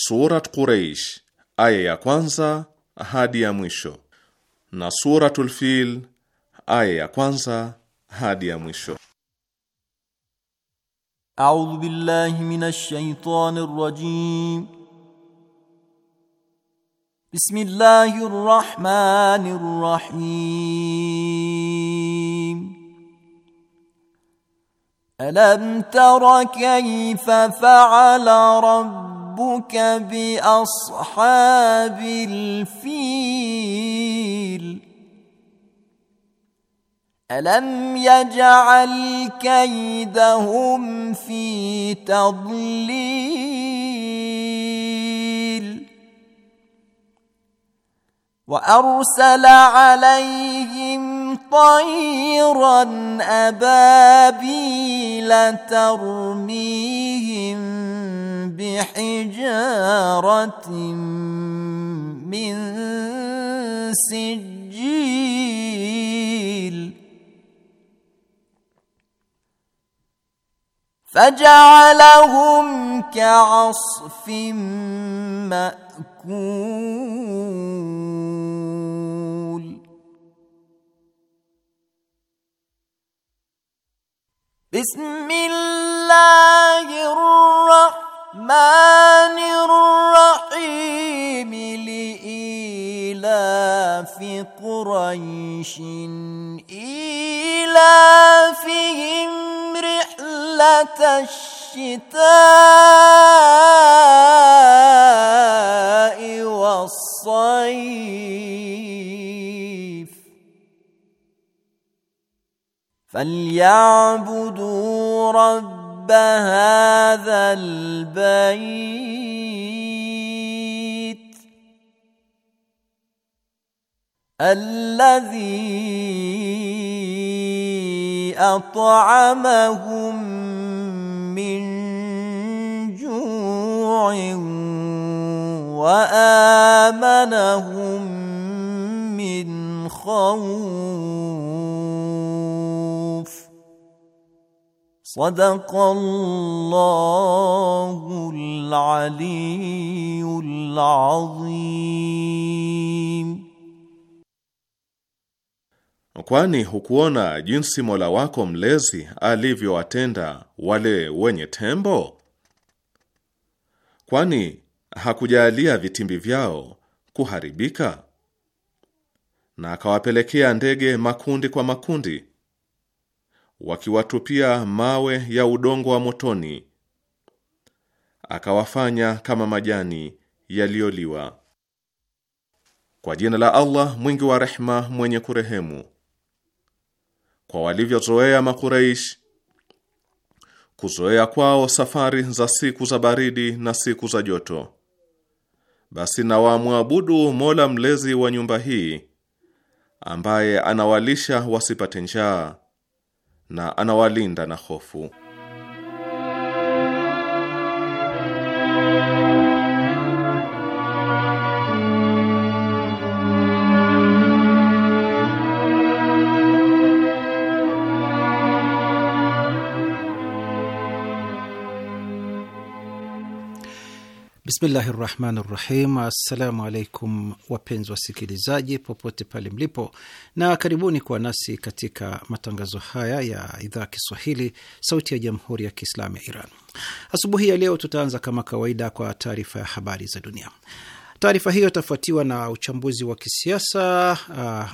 Surat Quraish aya ya kwanza hadi ya mwisho na Suratul Fil aya ya kwanza hadi ya mwisho. A'udhu billahi minash shaitani rrajim. Bismillahir rahmanir rahim. Alam tara kayfa fa'ala ربك ربك باصحاب الفيل الم يجعل كيدهم في تضليل وارسل عليهم طيرا أبابيل ترميهم بحجارة من سجيل فجعلهم كعصف مأكول بسم الله الرحمن الرحيم لإيلاف قريش إيلافهم رحلة الشتاء والصيف فليعبدوا رب هذا البيت الذي اطعمهم من جوع وامنهم من خوف صدق الله العلي العظيم. Kwani hukuona jinsi Mola wako mlezi alivyowatenda wale wenye tembo? Kwani hakujalia vitimbi vyao kuharibika na akawapelekea ndege makundi kwa makundi wakiwatupia mawe ya udongo wa motoni, akawafanya kama majani yaliyoliwa. Kwa jina la Allah mwingi wa rehma, mwenye kurehemu. Kwa walivyozoea Makureish, kuzoea kwao safari za siku za baridi na siku za joto, basi na wamwabudu Mola mlezi wa nyumba hii ambaye anawalisha wasipate njaa na anawalinda na hofu. Bismillahi rahmani rahim. Assalamu alaikum wapenzi wasikilizaji popote pale mlipo, na karibuni kuwa nasi katika matangazo haya ya idhaa Kiswahili sauti ya jamhuri ya Kiislamu ya Iran. Asubuhi ya leo tutaanza kama kawaida kwa taarifa ya habari za dunia. Taarifa hiyo itafuatiwa na uchambuzi wa kisiasa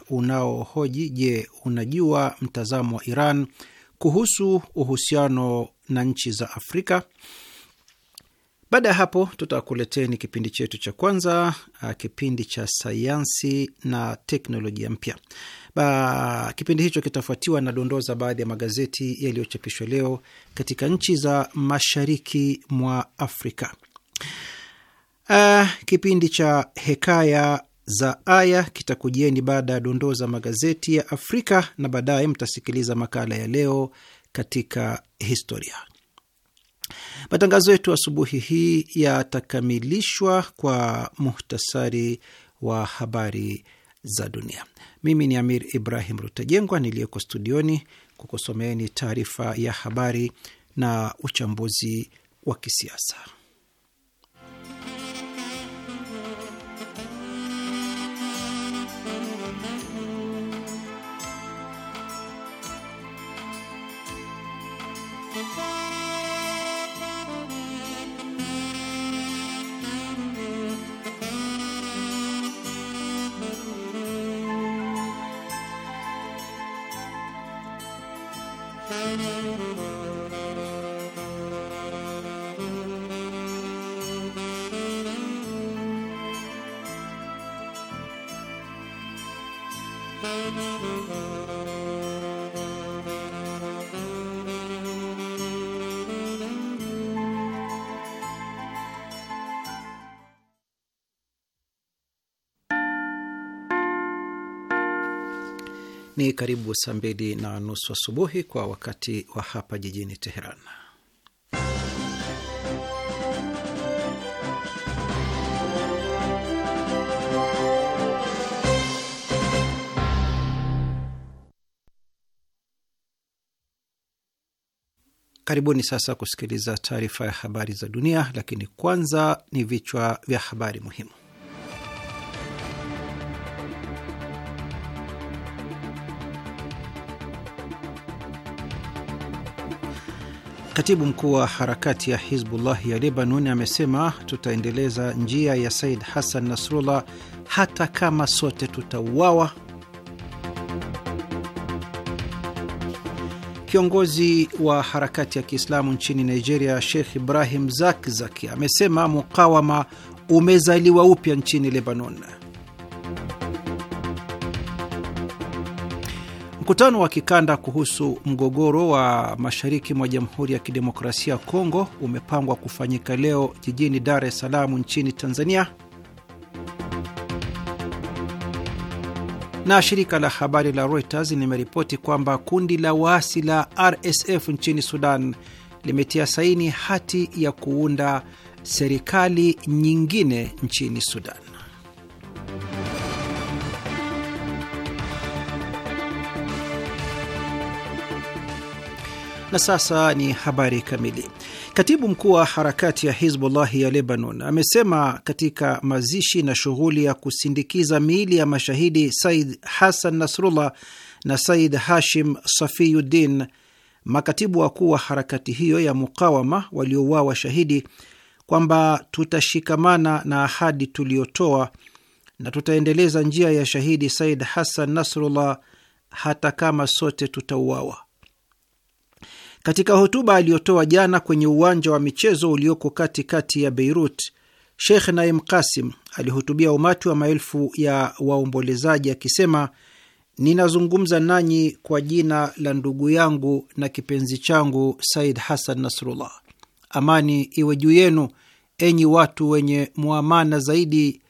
uh, unaohoji je, unajua mtazamo wa Iran kuhusu uhusiano na nchi za Afrika? Baada ya hapo, tutakuleteni kipindi chetu cha kwanza, ah, kipindi cha sayansi na teknolojia mpya. Kipindi hicho kitafuatiwa na dondoo za baadhi ya magazeti yaliyochapishwa leo katika nchi za mashariki mwa Afrika. Uh, kipindi cha hekaya za aya kitakujieni baada ya dondoo za magazeti ya Afrika, na baadaye mtasikiliza makala ya leo katika historia. Matangazo yetu asubuhi hii yatakamilishwa kwa muhtasari wa habari za dunia. Mimi ni Amir Ibrahim Rutajengwa niliyeko studioni kukusomeeni taarifa ya habari na uchambuzi wa kisiasa. Ni karibu saa mbili na nusu asubuhi kwa wakati wa hapa jijini Teheran. Karibuni sasa kusikiliza taarifa ya habari za dunia, lakini kwanza ni vichwa vya habari muhimu. Katibu mkuu wa harakati ya Hizbullah ya Lebanon amesema tutaendeleza njia ya Said Hassan Nasrullah hata kama sote tutauawa Kiongozi wa harakati ya Kiislamu nchini Nigeria, Sheikh Ibrahim Zakzaki amesema mukawama umezaliwa upya nchini Lebanon. Mkutano wa kikanda kuhusu mgogoro wa mashariki mwa Jamhuri ya Kidemokrasia ya Kongo umepangwa kufanyika leo jijini Dar es Salaam nchini Tanzania. Na shirika la habari la Reuters limeripoti kwamba kundi la waasi la RSF nchini Sudan limetia saini hati ya kuunda serikali nyingine nchini Sudan. Na sasa ni habari kamili. Katibu mkuu wa harakati ya Hizbullahi ya Lebanon amesema katika mazishi na shughuli ya kusindikiza miili ya mashahidi Said Hassan Nasrullah na Said Hashim Safiyuddin, makatibu wakuu wa harakati hiyo ya mukawama waliouawa shahidi, kwamba tutashikamana na ahadi tuliyotoa na tutaendeleza njia ya shahidi Said Hassan Nasrullah hata kama sote tutauawa. Katika hotuba aliyotoa jana kwenye uwanja wa michezo ulioko katikati ya Beirut, Sheikh Naim Kasim alihutubia umati wa maelfu ya waombolezaji akisema, ninazungumza nanyi kwa jina la ndugu yangu na kipenzi changu Said Hassan Nasrullah. Amani iwe juu yenu, enyi watu wenye mwamana zaidi,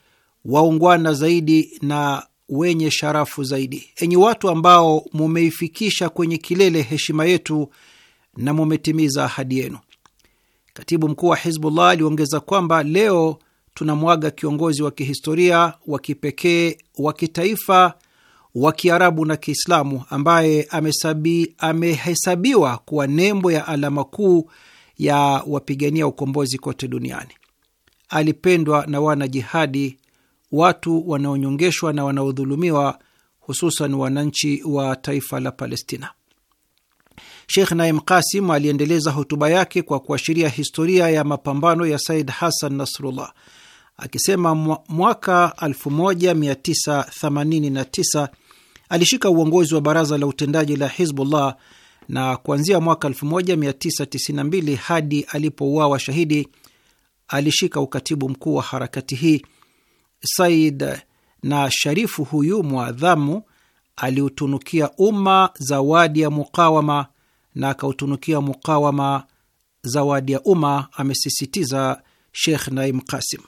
waungwana zaidi na wenye sharafu zaidi, enyi watu ambao mumeifikisha kwenye kilele heshima yetu na mumetimiza ahadi yenu. Katibu mkuu wa Hizbullah aliongeza kwamba leo tunamwaga kiongozi wa kihistoria wa kipekee wa kitaifa wa Kiarabu na Kiislamu ambaye amesabi, amehesabiwa kuwa nembo ya alama kuu ya wapigania ukombozi kote duniani. Alipendwa na wanajihadi, watu wanaonyongeshwa na wanaodhulumiwa, hususan wananchi wa taifa la Palestina. Sheikh Naim Kasim aliendeleza hotuba yake kwa kuashiria historia ya mapambano ya Said Hassan Nasrullah akisema, mwaka 1989 alishika uongozi wa baraza la utendaji la Hizbullah na kuanzia mwaka 1992 hadi alipouawa shahidi alishika ukatibu mkuu wa harakati hii. Said na Sharifu huyu mwadhamu aliutunukia umma zawadi ya mukawama na akautunukia mukawama zawadi ya umma, amesisitiza Sheikh Naim Kasim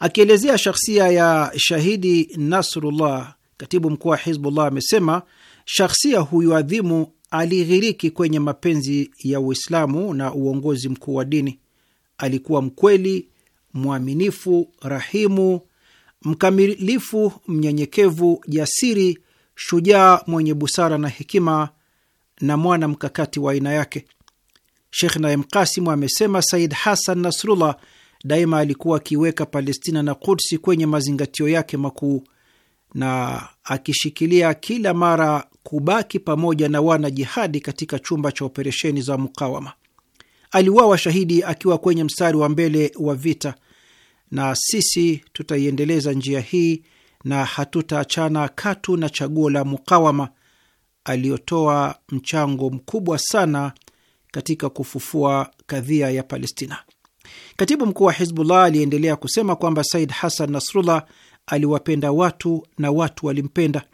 akielezea shakhsia ya shahidi Nasrullah. Katibu mkuu wa Hizbullah amesema shakhsia huyu adhimu alighiriki kwenye mapenzi ya Uislamu na uongozi mkuu wa dini. Alikuwa mkweli, mwaminifu, rahimu, mkamilifu, mnyenyekevu, jasiri, shujaa, mwenye busara na hekima na mwana mkakati wa aina yake. Shekh Naim Kasim amesema Said Hasan Nasrullah daima alikuwa akiweka Palestina na Kudsi kwenye mazingatio yake makuu na akishikilia kila mara kubaki pamoja na wana jihadi katika chumba cha operesheni za mukawama. Aliuawa shahidi akiwa kwenye mstari wa mbele wa vita, na sisi tutaiendeleza njia hii na hatutaachana katu na chaguo la mukawama aliyotoa mchango mkubwa sana katika kufufua kadhia ya Palestina. Katibu mkuu wa Hizbullah aliendelea kusema kwamba Said Hassan Nasrullah aliwapenda watu na watu walimpenda.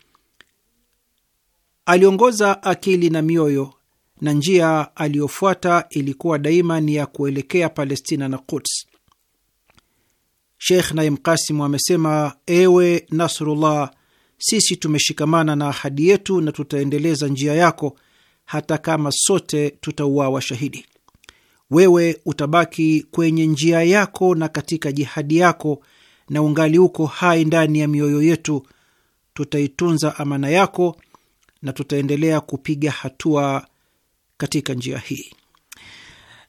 Aliongoza akili na mioyo, na njia aliyofuata ilikuwa daima ni ya kuelekea Palestina na Quds. Sheikh Naim Kasimu amesema: ewe Nasrullah, sisi tumeshikamana na ahadi yetu na tutaendeleza njia yako hata kama sote tutauawa shahidi. Wewe utabaki kwenye njia yako na katika jihadi yako, na ungali uko hai ndani ya mioyo yetu. Tutaitunza amana yako na tutaendelea kupiga hatua katika njia hii.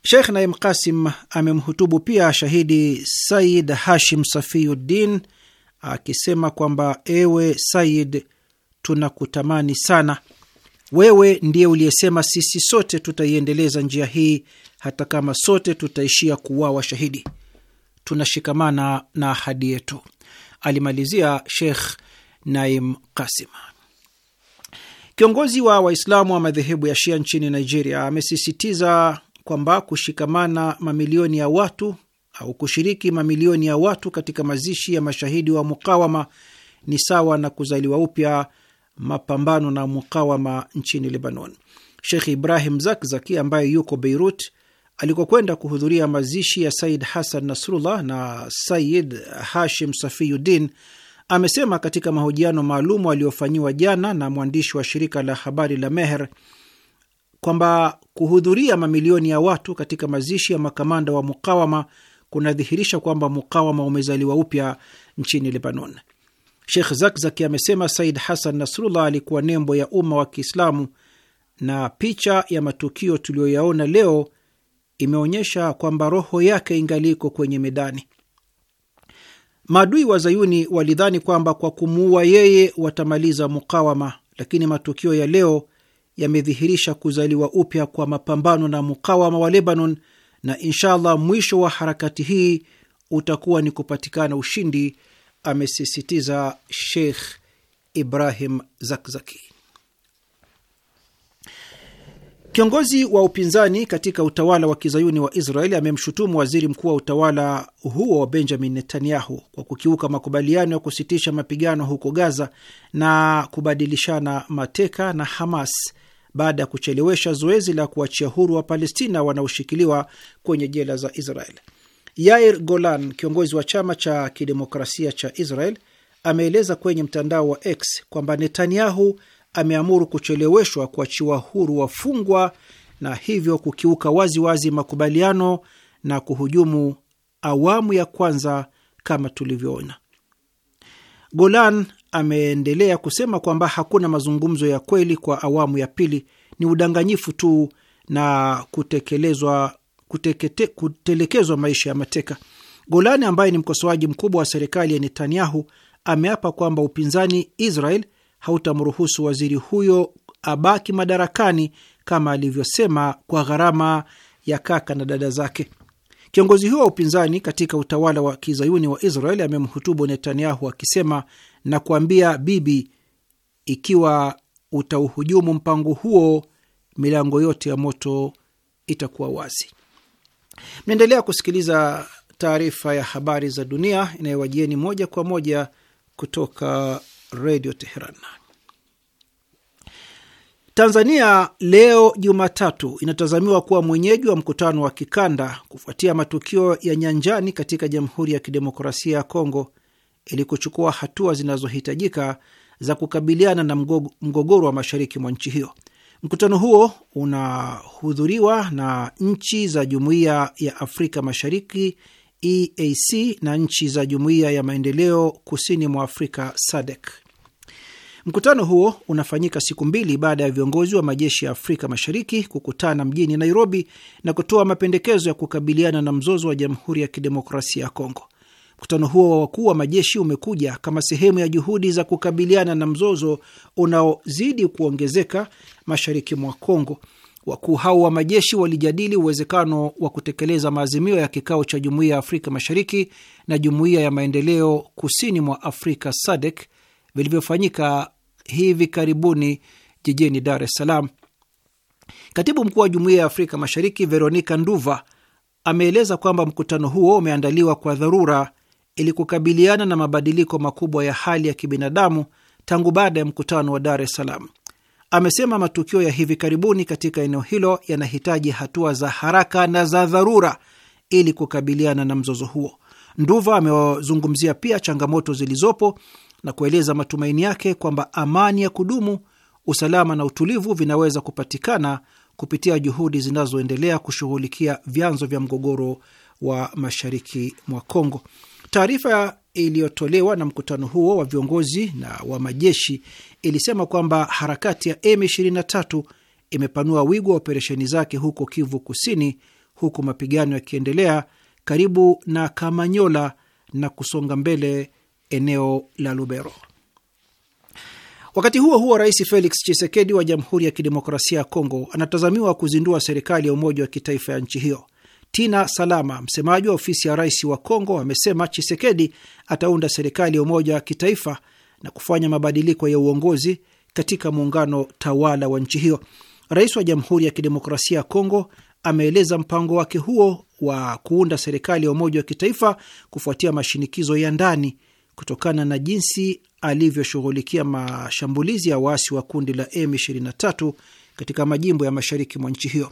Sheikh Naim Kasim amemhutubu pia shahidi Said Hashim Safiuddin akisema kwamba ewe Said, tunakutamani sana wewe ndiye uliyesema sisi sote tutaiendeleza njia hii hata kama sote tutaishia kuuawa shahidi. Tunashikamana na ahadi yetu, alimalizia Sheikh Naim Kasim. Kiongozi wa Waislamu wa madhehebu ya Shia nchini Nigeria amesisitiza kwamba kushikamana mamilioni ya watu au kushiriki mamilioni ya watu katika mazishi ya mashahidi wa mukawama ni sawa na kuzaliwa upya mapambano na mukawama nchini Lebanon. Shekh Ibrahim Zakzaki ambaye yuko Beirut alikokwenda kuhudhuria mazishi ya Said Hassan Nasrullah na Sayid Hashim Safiyuddin amesema katika mahojiano maalum aliyofanyiwa jana na mwandishi wa shirika la habari la Meher kwamba kuhudhuria mamilioni ya watu katika mazishi ya makamanda wa mukawama kunadhihirisha kwamba mukawama umezaliwa upya nchini Lebanon. Sheikh Zakzaki amesema Said Hassan Nasrullah alikuwa nembo ya umma wa Kiislamu, na picha ya matukio tuliyoyaona leo imeonyesha kwamba roho yake ingaliko kwenye medani. Maadui wa Zayuni walidhani kwamba kwa kumuua yeye watamaliza mukawama, lakini matukio ya leo yamedhihirisha kuzaliwa upya kwa mapambano na mukawama wa Lebanon na inshallah mwisho wa harakati hii utakuwa ni kupatikana ushindi, amesisitiza Sheikh Ibrahim Zakzaki. Kiongozi wa upinzani katika utawala wa kizayuni wa Israeli amemshutumu waziri mkuu wa utawala huo wa Benjamin Netanyahu kwa kukiuka makubaliano ya kusitisha mapigano huko Gaza na kubadilishana mateka na Hamas baada ya kuchelewesha zoezi la kuachia huru wa Palestina wanaoshikiliwa kwenye jela za Israel. Yair Golan, kiongozi wa chama cha kidemokrasia cha Israel, ameeleza kwenye mtandao wa X kwamba Netanyahu ameamuru kucheleweshwa kuachiwa huru wafungwa na hivyo kukiuka waziwazi wazi makubaliano na kuhujumu awamu ya kwanza kama tulivyoona. Golan ameendelea kusema kwamba hakuna mazungumzo ya kweli kwa awamu ya pili, ni udanganyifu tu na kutekelezwa kutekete, kutelekezwa maisha ya mateka. Golani ambaye ni mkosoaji mkubwa wa serikali ya Netanyahu ameapa kwamba upinzani Israel hautamruhusu waziri huyo abaki madarakani kama alivyosema, kwa gharama ya kaka na dada zake. Kiongozi huyo wa upinzani katika utawala wa kizayuni wa Israel amemhutubu Netanyahu akisema na kuambia bibi, ikiwa utauhujumu mpango huo, milango yote ya moto itakuwa wazi. Mnaendelea kusikiliza taarifa ya habari za dunia inayowajieni moja kwa moja kutoka redio Teheran. Tanzania leo Jumatatu inatazamiwa kuwa mwenyeji wa mkutano wa kikanda kufuatia matukio ya nyanjani katika Jamhuri ya Kidemokrasia ya Kongo ili kuchukua hatua zinazohitajika za kukabiliana na mgogoro wa mashariki mwa nchi hiyo. Mkutano huo unahudhuriwa na nchi za Jumuiya ya Afrika Mashariki EAC na nchi za Jumuiya ya Maendeleo Kusini mwa Afrika SADC. Mkutano huo unafanyika siku mbili baada ya viongozi wa majeshi ya Afrika Mashariki kukutana mjini Nairobi na kutoa mapendekezo ya kukabiliana na mzozo wa Jamhuri ya Kidemokrasia ya Kongo. Mkutano huo wa wakuu wa majeshi umekuja kama sehemu ya juhudi za kukabiliana na mzozo unaozidi kuongezeka mashariki mwa Kongo. Wakuu hao wa majeshi walijadili uwezekano wa kutekeleza maazimio ya kikao cha Jumuiya ya Afrika Mashariki na Jumuiya ya Maendeleo Kusini mwa Afrika SADC vilivyofanyika hivi karibuni jijini Dar es Salaam. Katibu mkuu wa Jumuiya ya Afrika Mashariki Veronica Nduva ameeleza kwamba mkutano huo umeandaliwa kwa dharura ili kukabiliana na mabadiliko makubwa ya hali ya kibinadamu tangu baada ya mkutano wa Dar es Salaam. Amesema matukio ya hivi karibuni katika eneo hilo yanahitaji hatua za haraka na za dharura ili kukabiliana na mzozo huo. Nduva amewazungumzia pia changamoto zilizopo na kueleza matumaini yake kwamba amani ya kudumu, usalama na utulivu vinaweza kupatikana kupitia juhudi zinazoendelea kushughulikia vyanzo vya mgogoro wa mashariki mwa Kongo. Taarifa iliyotolewa na mkutano huo wa viongozi na wa majeshi ilisema kwamba harakati ya M23 imepanua wigo wa operesheni zake huko Kivu Kusini, huku mapigano yakiendelea karibu na Kamanyola na kusonga mbele eneo la Lubero. Wakati huo huo, Rais Felix Tshisekedi wa Jamhuri ya Kidemokrasia ya Kongo anatazamiwa kuzindua serikali ya umoja wa kitaifa ya nchi hiyo. Tina Salama, msemaji wa ofisi ya rais wa Kongo, amesema Chisekedi ataunda serikali ya umoja wa kitaifa na kufanya mabadiliko ya uongozi katika muungano tawala wa nchi hiyo. Rais wa Jamhuri ya Kidemokrasia ya Kongo ameeleza mpango wake huo wa kuunda serikali ya umoja wa kitaifa kufuatia mashinikizo ya ndani kutokana na jinsi alivyoshughulikia mashambulizi ya waasi wa kundi la M23 katika majimbo ya mashariki mwa nchi hiyo.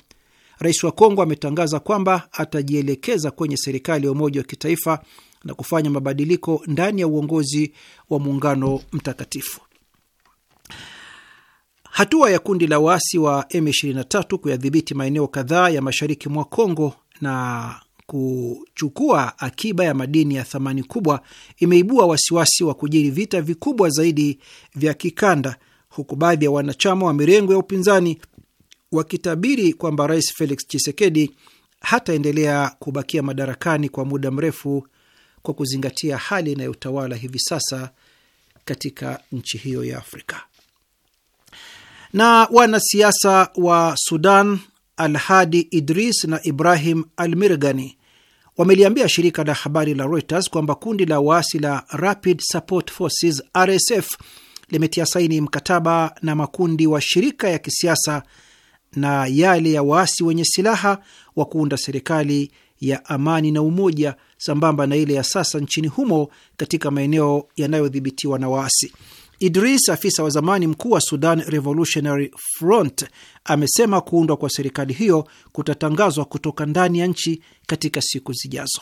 Rais wa Kongo ametangaza kwamba atajielekeza kwenye serikali ya umoja wa kitaifa na kufanya mabadiliko ndani ya uongozi wa muungano mtakatifu. Hatua ya kundi la waasi wa M23 kuyadhibiti maeneo kadhaa ya mashariki mwa Kongo na kuchukua akiba ya madini ya thamani kubwa imeibua wasiwasi wa kujiri vita vikubwa zaidi vya kikanda, huku baadhi ya wanachama wa mirengo ya upinzani wakitabiri kwamba Rais Felix Tshisekedi hataendelea kubakia madarakani kwa muda mrefu kwa kuzingatia hali inayotawala hivi sasa katika nchi hiyo ya Afrika. Na wanasiasa wa Sudan Alhadi Idris na Ibrahim Almirgani wameliambia shirika la habari la Reuters kwamba kundi la waasi la Rapid Support Forces RSF limetia saini mkataba na makundi wa shirika ya kisiasa na yale ya waasi wenye silaha wa kuunda serikali ya amani na umoja sambamba na ile ya sasa nchini humo katika maeneo yanayodhibitiwa na waasi. Idris, afisa wa zamani mkuu wa Sudan Revolutionary Front, amesema kuundwa kwa serikali hiyo kutatangazwa kutoka ndani ya nchi katika siku zijazo.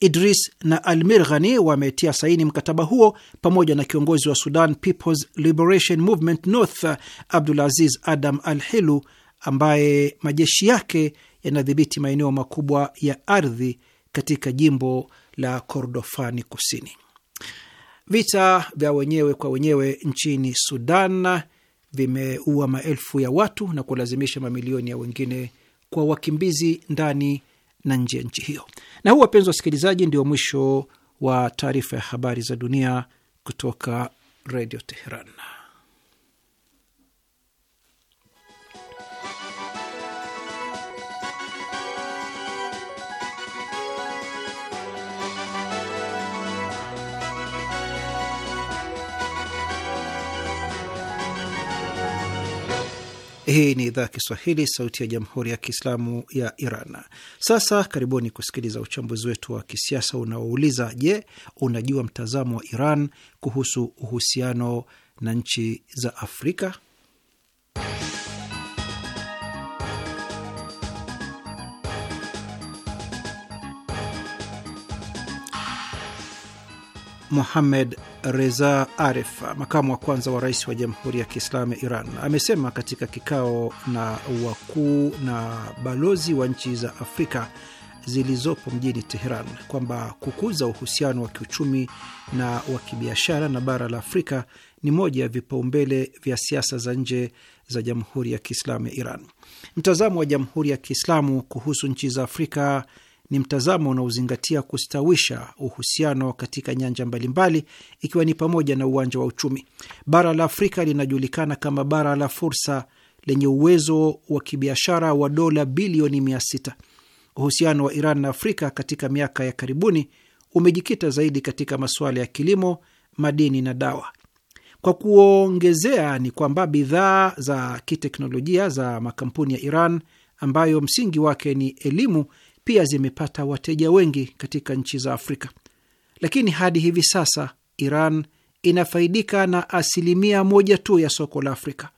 Idris na Almir Ghani wametia saini mkataba huo pamoja na kiongozi wa Sudan People's Liberation Movement North Abdulaziz Adam Al Hilu ambaye majeshi yake yanadhibiti maeneo makubwa ya ardhi katika jimbo la Kordofani Kusini. Vita vya wenyewe kwa wenyewe nchini Sudan vimeua maelfu ya watu na kulazimisha mamilioni ya wengine kwa wakimbizi ndani na nje ya nchi hiyo. Na huu, wapenzi wasikilizaji, ndio mwisho wa taarifa ya habari za dunia kutoka Redio Teheran. Hii ni idhaa ya Kiswahili, sauti ya jamhuri ya kiislamu ya Iran. Sasa karibuni kusikiliza uchambuzi wetu wa kisiasa unaouliza je, unajua mtazamo wa Iran kuhusu uhusiano na nchi za Afrika? Mohamed Reza Arif, makamu wa kwanza wa rais wa Jamhuri ya Kiislamu ya Iran, amesema katika kikao na wakuu na balozi wa nchi za Afrika zilizopo mjini Teheran kwamba kukuza uhusiano wa kiuchumi na wa kibiashara na bara la Afrika ni moja ya vipaumbele vya siasa za nje za Jamhuri ya Kiislamu ya Iran. Mtazamo wa Jamhuri ya Kiislamu kuhusu nchi za Afrika ni mtazamo unaozingatia kustawisha uhusiano katika nyanja mbalimbali ikiwa ni pamoja na uwanja wa uchumi. Bara la Afrika linajulikana kama bara la fursa lenye uwezo wa kibiashara wa dola bilioni mia sita. Uhusiano wa Iran na Afrika katika miaka ya karibuni umejikita zaidi katika masuala ya kilimo, madini na dawa. Kwa kuongezea ni kwamba bidhaa za kiteknolojia za makampuni ya Iran ambayo msingi wake ni elimu pia zimepata wateja wengi katika nchi za Afrika, lakini hadi hivi sasa Iran inafaidika na asilimia moja tu ya soko la Afrika.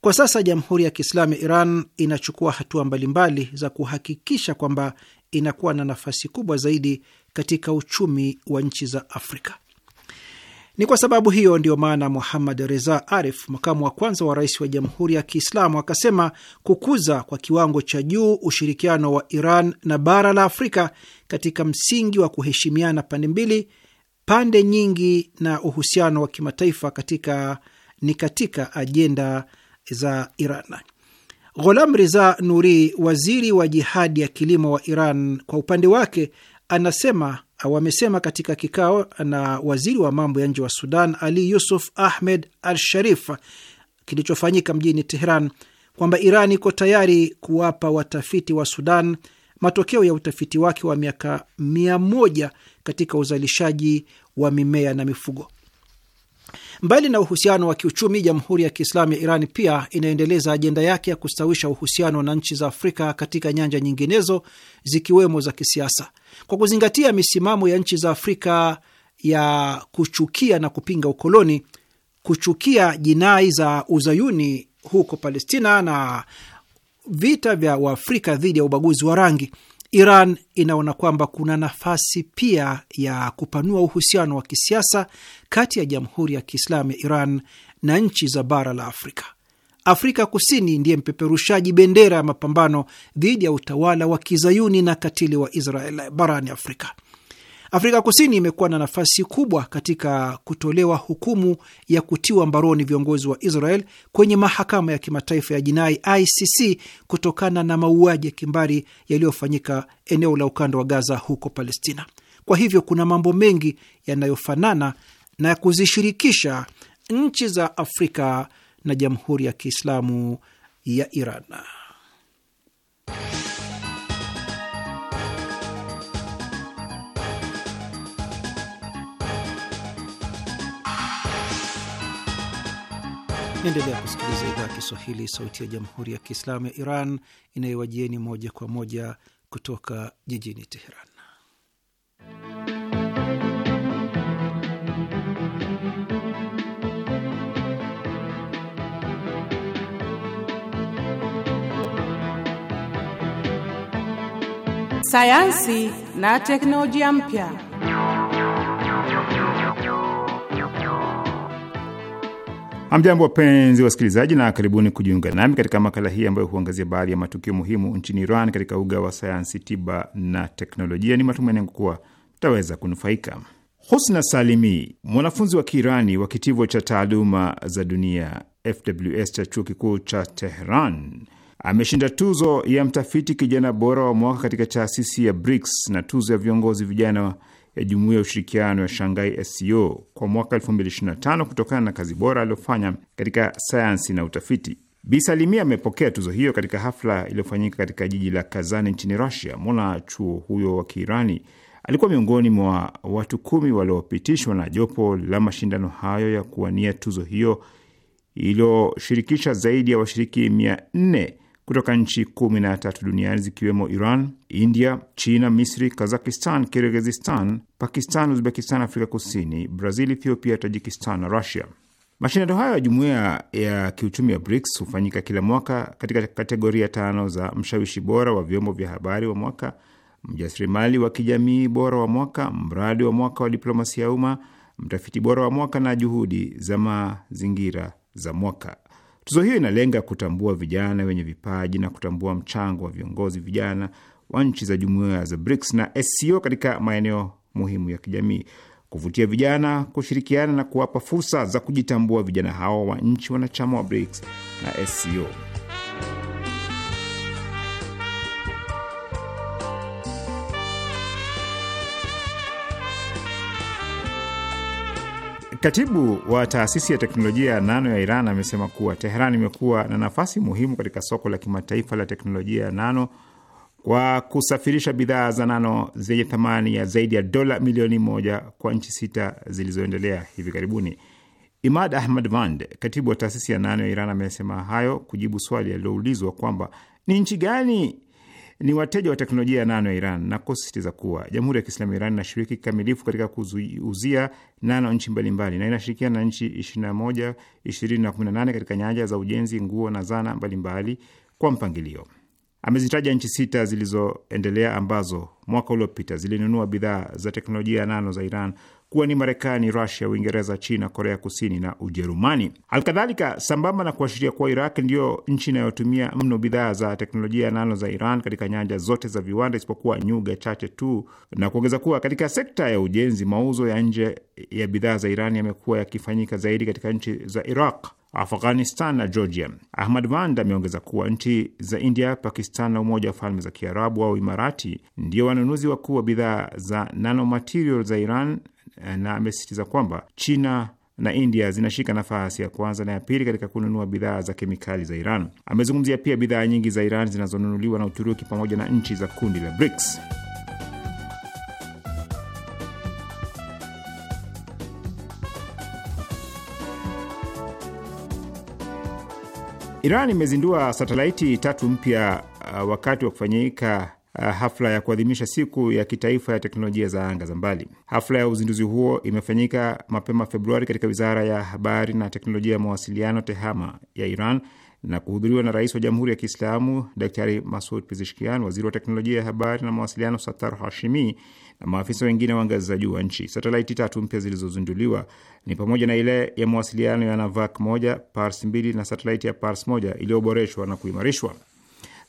Kwa sasa Jamhuri ya Kiislamu ya Iran inachukua hatua mbalimbali za kuhakikisha kwamba inakuwa na nafasi kubwa zaidi katika uchumi wa nchi za Afrika. Ni kwa sababu hiyo ndiyo maana Muhammad Reza Arif, makamu wa kwanza wa rais wa Jamhuri ya Kiislamu, akasema kukuza kwa kiwango cha juu ushirikiano wa Iran na bara la Afrika katika msingi wa kuheshimiana pande mbili, pande nyingi na uhusiano wa kimataifa katika ni katika ajenda za Iran. Gholam Reza Nuri, waziri wa jihadi ya kilimo wa Iran, kwa upande wake anasema wamesema katika kikao na waziri wa mambo ya nje wa Sudan Ali Yusuf Ahmed Al Sharif kilichofanyika mjini Teheran kwamba Iran iko tayari kuwapa watafiti wa Sudan matokeo ya utafiti wake wa miaka mia moja katika uzalishaji wa mimea na mifugo. Mbali na uhusiano wa kiuchumi, Jamhuri ya Kiislamu ya Iran pia inaendeleza ajenda yake ya kustawisha uhusiano na nchi za Afrika katika nyanja nyinginezo zikiwemo za kisiasa, kwa kuzingatia misimamo ya nchi za Afrika ya kuchukia na kupinga ukoloni, kuchukia jinai za uzayuni huko Palestina na vita vya Waafrika dhidi ya ubaguzi wa rangi Iran inaona kwamba kuna nafasi pia ya kupanua uhusiano wa kisiasa kati ya Jamhuri ya Kiislamu ya Iran na nchi za bara la Afrika. Afrika Kusini ndiye mpeperushaji bendera ya mapambano dhidi ya utawala wa kizayuni na katili wa Israel barani Afrika. Afrika Kusini imekuwa na nafasi kubwa katika kutolewa hukumu ya kutiwa mbaroni viongozi wa Israel kwenye mahakama ya kimataifa ya jinai ICC kutokana na mauaji ya kimbari yaliyofanyika eneo la ukanda wa Gaza huko Palestina. Kwa hivyo kuna mambo mengi yanayofanana na kuzishirikisha nchi za Afrika na Jamhuri ya Kiislamu ya Iran. Naendelea kusikiliza idhaa ya Kiswahili, sauti ya jamhuri ya kiislamu ya Iran inayowajieni moja kwa moja kutoka jijini Teheran. Sayansi na teknolojia mpya. Hamjambo, wapenzi wasikilizaji, na karibuni kujiunga nami katika makala hii ambayo huangazia baadhi ya matukio muhimu nchini Iran katika uga wa sayansi, tiba na teknolojia. Ni matumaini yangu kuwa mtaweza kunufaika. Husna Salimi, mwanafunzi wa Kiirani wa kitivo cha taaluma za dunia FWS cha chuo kikuu cha Tehran, ameshinda tuzo ya mtafiti kijana bora wa mwaka katika taasisi ya BRICS na tuzo ya viongozi vijana ya Jumuiya ya Ushirikiano ya Shanghai SCO e kwa mwaka 2025 kutokana na kazi bora aliyofanya katika sayansi na utafiti. Bi amepokea tuzo hiyo katika hafla iliyofanyika katika jiji la Kazani nchini Rusia. Mwana chuo huyo wa Kiirani alikuwa miongoni mwa watu kumi waliopitishwa na jopo la mashindano hayo ya kuwania tuzo hiyo iliyoshirikisha zaidi ya washiriki mia nne kutoka nchi kumi na tatu duniani zikiwemo Iran, India, China, Misri, Kazakistan, Kirgizistan, Pakistan, Uzbekistan, Afrika Kusini, Brazil, Ethiopia, Tajikistan na Rusia. Mashindano hayo ya jumuiya ya kiuchumi ya BRICS hufanyika kila mwaka katika kategoria tano za mshawishi bora wa vyombo vya habari wa mwaka, mjasirimali wa kijamii bora wa mwaka, mradi wa mwaka wa diplomasia ya umma, mtafiti bora wa mwaka na juhudi za mazingira za mwaka. Tuzo hiyo inalenga kutambua vijana wenye vipaji na kutambua mchango wa viongozi vijana wa nchi za jumuiya za BRICS na SCO katika maeneo muhimu ya kijamii, kuvutia vijana kushirikiana na kuwapa fursa za kujitambua vijana hao wa nchi wanachama wa BRICS na SCO. Katibu wa taasisi ya teknolojia ya nano ya Iran amesema kuwa Teheran imekuwa na nafasi muhimu katika soko la kimataifa la teknolojia ya nano kwa kusafirisha bidhaa za nano zenye thamani ya zaidi ya dola milioni moja kwa nchi sita zilizoendelea hivi karibuni. Imad Ahmad Vand, katibu wa taasisi ya nano ya Iran, amesema hayo kujibu swali aliloulizwa kwamba ni nchi gani ni wateja wa teknolojia ya nano ya Iran na kusisitiza kuwa Jamhuri ya Kiislamu ya Iran inashiriki kikamilifu katika kuuzia nano nchi mbalimbali na inashirikiana na nchi 21, 20 na 18 katika nyanja za ujenzi, nguo na zana mbalimbali kwa mpangilio. Amezitaja nchi sita zilizoendelea ambazo mwaka uliopita zilinunua bidhaa za teknolojia ya nano za Iran kuwa ni Marekani, Rusia, Uingereza, China, Korea Kusini na Ujerumani. Halikadhalika, sambamba na kuashiria kuwa Iraq ndiyo nchi inayotumia mno bidhaa za teknolojia nano za Iran katika nyanja zote za viwanda isipokuwa nyuga chache tu, na kuongeza kuwa katika sekta ya ujenzi, mauzo ya nje ya bidhaa za Iran yamekuwa yakifanyika zaidi katika nchi za Iraq, Afghanistan na Georgia. Ahmad Vand ameongeza kuwa nchi za India, Pakistan na Umoja wa Falme za Kiarabu au Imarati ndio wanunuzi wakuu wa bidhaa za nanomaterial za Iran Eh, na amesisitiza kwamba China na India zinashika nafasi ya kwanza na ya pili katika kununua bidhaa za kemikali za Iran. Amezungumzia pia bidhaa nyingi za Iran zinazonunuliwa na Uturuki pamoja na nchi za kundi la BRICS. Iran imezindua satelaiti tatu mpya uh, wakati wa kufanyika Uh, hafla ya kuadhimisha siku ya kitaifa ya teknolojia za anga za mbali. Hafla ya uzinduzi huo imefanyika mapema Februari katika wizara ya habari na teknolojia ya mawasiliano TEHAMA ya Iran na kuhudhuriwa na rais wa Jamhuri ya Kiislamu Daktari Masud Pezeshkian, waziri wa teknolojia ya habari na mawasiliano Satar Hashimi na maafisa wengine wa ngazi za juu wa nchi. Satelaiti tatu mpya zilizozinduliwa ni pamoja na ile ya mawasiliano ya Navak moja, Pars mbili na satelaiti ya Pars moja iliyoboreshwa na kuimarishwa.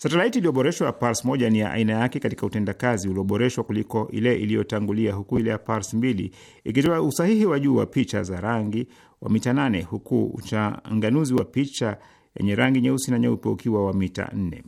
Satelaiti iliyoboreshwa ya Pars moja ni ya aina yake katika utendakazi ulioboreshwa kuliko ile iliyotangulia, huku ile ya Pars mbili ikitoa usahihi wa juu wa picha za rangi wa mita nane huku uchanganuzi wa picha yenye rangi nyeusi na nyeupe ukiwa wa mita nne.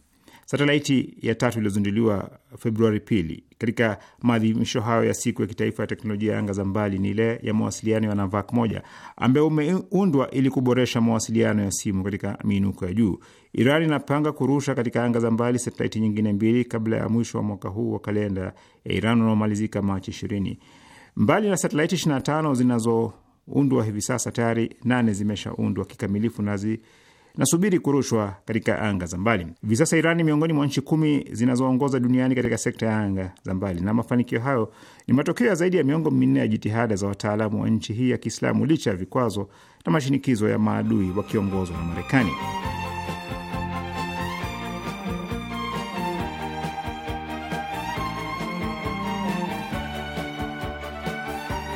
Satelaiti ya tatu iliyozinduliwa Februari pili katika maadhimisho hayo ya siku ya kitaifa ya teknolojia ya anga za mbali ni ile ya mawasiliano ya Navak moja ambayo umeundwa ili kuboresha mawasiliano ya simu katika miinuko ya juu. Iran inapanga kurusha katika anga za mbali satelaiti nyingine mbili kabla ya mwisho wa mwaka huu wa kalenda ya Iran unaomalizika Machi ishirini. Mbali na satelaiti na tano zinazoundwa hivi sasa, tayari nane zimeshaundwa kikamilifu nazi inasubiri kurushwa katika anga za mbali. Hivi sasa Iran ni miongoni mwa nchi kumi zinazoongoza duniani katika sekta ya anga za mbali, na mafanikio hayo ni matokeo ya zaidi ya miongo minne ya jitihada za wataalamu wa nchi hii ya Kiislamu licha ya vikwazo na mashinikizo ya maadui wakiongozwa na Marekani.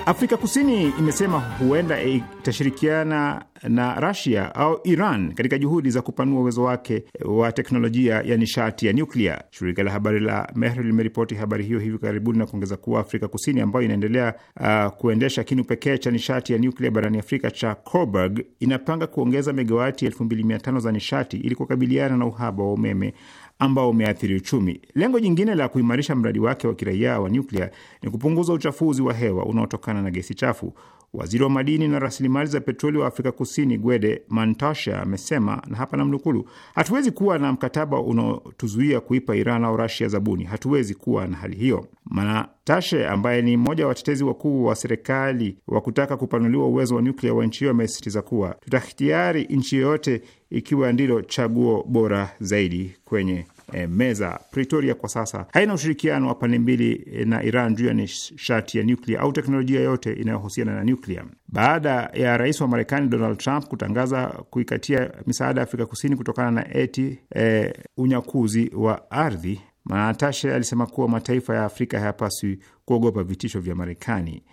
Afrika Kusini imesema huenda itashirikiana na Rasia au Iran katika juhudi za kupanua uwezo wake wa teknolojia ya nishati ya nyuklia. Shirika la habari la Mehr limeripoti habari hiyo hivi karibuni na kuongeza kuwa Afrika Kusini ambayo inaendelea uh, kuendesha kinu pekee cha nishati ya nyuklia barani Afrika cha Coburg inapanga kuongeza megawati 2500 za nishati ili kukabiliana na uhaba wa umeme ambao umeathiri uchumi. Lengo jingine la kuimarisha mradi wake wa kiraia wa nyuklia ni kupunguza uchafuzi wa hewa unaotokana na gesi chafu. Waziri wa madini na rasilimali za petroli wa Afrika Kusini Gwede Mantashe amesema, na hapa namnukulu, hatuwezi kuwa na mkataba unaotuzuia kuipa Iran au Rasia zabuni. Hatuwezi kuwa na hali hiyo. Mantashe ambaye ni mmoja wa watetezi wakuu wa serikali wa kutaka kupanuliwa uwezo wa nyuklia wa nchi hiyo amesisitiza kuwa tutahtiari nchi yoyote ikiwa ndilo chaguo bora zaidi kwenye e, meza. Pretoria kwa sasa haina ushirikiano wa pande mbili eh, na Iran juu ya nishati ya nuklia au teknolojia yote inayohusiana na nuklia. Baada ya rais wa Marekani Donald Trump kutangaza kuikatia misaada ya Afrika Kusini kutokana na eti e, unyakuzi wa ardhi, Manatashe alisema kuwa mataifa ya Afrika hayapaswi kuogopa vitisho vya Marekani.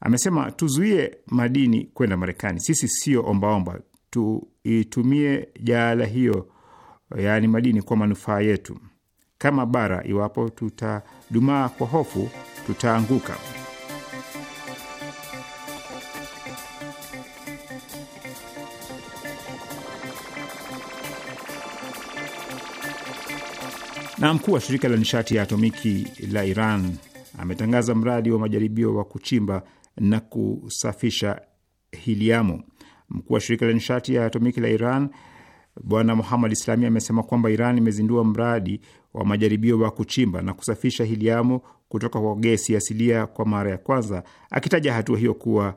Amesema tuzuie madini kwenda Marekani, sisi sio ombaomba, tuitumie jaala hiyo yaani madini kwa manufaa yetu. Kama bara, iwapo tutadumaa kwa hofu, tutaanguka. Na mkuu wa shirika la nishati ya atomiki la Iran ametangaza mradi wa majaribio wa kuchimba na kusafisha hiliamu. Mkuu wa shirika la nishati ya atomiki la Iran Bwana Muhamad Islami amesema kwamba Iran imezindua mradi wa majaribio wa kuchimba na kusafisha hiliamu kutoka kwa gesi asilia kwa mara ya kwanza, akitaja hatua hiyo kuwa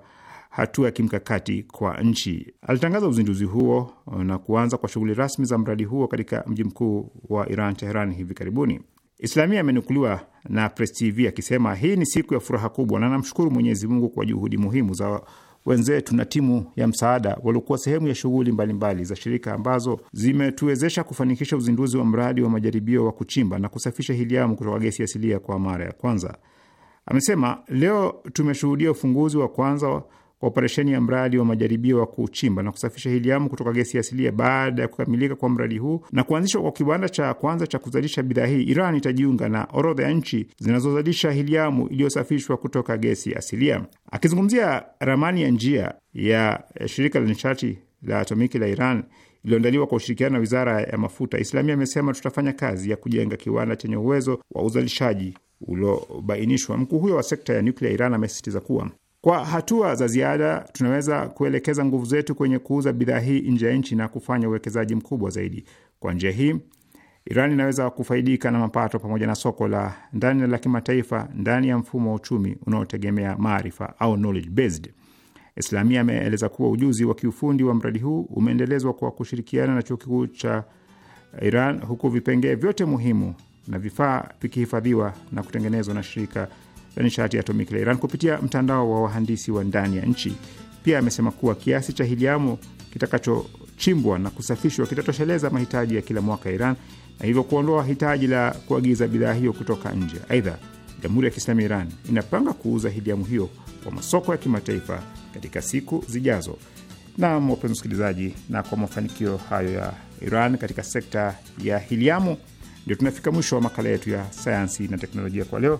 hatua ya kimkakati kwa nchi. Alitangaza uzinduzi huo uh, na kuanza kwa shughuli rasmi za mradi huo katika mji mkuu wa Iran, Teheran, hivi karibuni. Islamia amenukuliwa na Press TV akisema hii ni siku ya furaha kubwa na namshukuru Mwenyezi Mungu kwa juhudi muhimu za wenzetu na timu ya msaada waliokuwa sehemu ya shughuli mbalimbali za shirika ambazo zimetuwezesha kufanikisha uzinduzi wa mradi wa majaribio wa kuchimba na kusafisha hiliamu kutoka gesi asilia kwa mara ya kwanza. Amesema leo tumeshuhudia ufunguzi wa kwanza kwa operesheni ya mradi wa majaribio wa kuchimba na kusafisha hiliamu kutoka gesi asilia. Baada ya kukamilika kwa mradi huu na kuanzishwa kwa kiwanda cha kwanza cha kuzalisha bidhaa hii, Iran itajiunga na orodha ya nchi zinazozalisha hiliamu iliyosafishwa kutoka gesi asilia. Akizungumzia ramani ya njia ya shirika la nishati la atomiki la Iran iliyoandaliwa kwa ushirikiano na wizara ya mafuta, Islamia amesema tutafanya kazi ya kujenga kiwanda chenye uwezo wa uzalishaji uliobainishwa. Mkuu huyo wa sekta ya nuklia Iran amesisitiza kuwa kwa hatua za ziada, tunaweza kuelekeza nguvu zetu kwenye kuuza bidhaa hii nje ya nchi na kufanya uwekezaji mkubwa zaidi. Kwa njia hii, Iran inaweza kufaidika na mapato pamoja na soko la ndani na la kimataifa ndani ya mfumo wa uchumi unaotegemea maarifa au knowledge based. Islamia ameeleza kuwa ujuzi wa kiufundi wa mradi huu umeendelezwa kwa kushirikiana na chuo kikuu cha Iran, huku vipengee vyote muhimu na vifaa vikihifadhiwa na kutengenezwa na shirika za nishati ya atomiki la Iran kupitia mtandao wa wahandisi wa ndani ya nchi. Pia amesema kuwa kiasi cha hiliamu kitakachochimbwa na kusafishwa kitatosheleza mahitaji ya kila mwaka ya Iran na hivyo kuondoa hitaji la kuagiza bidhaa hiyo kutoka nje. Aidha, Jamhuri ya Kiislamu ya Iran inapanga kuuza hiliamu hiyo kwa masoko ya kimataifa katika siku zijazo. Nam, wapenzi msikilizaji, na kwa mafanikio hayo ya Iran katika sekta ya hiliamu, ndio tunafika mwisho wa makala yetu ya sayansi na teknolojia kwa leo.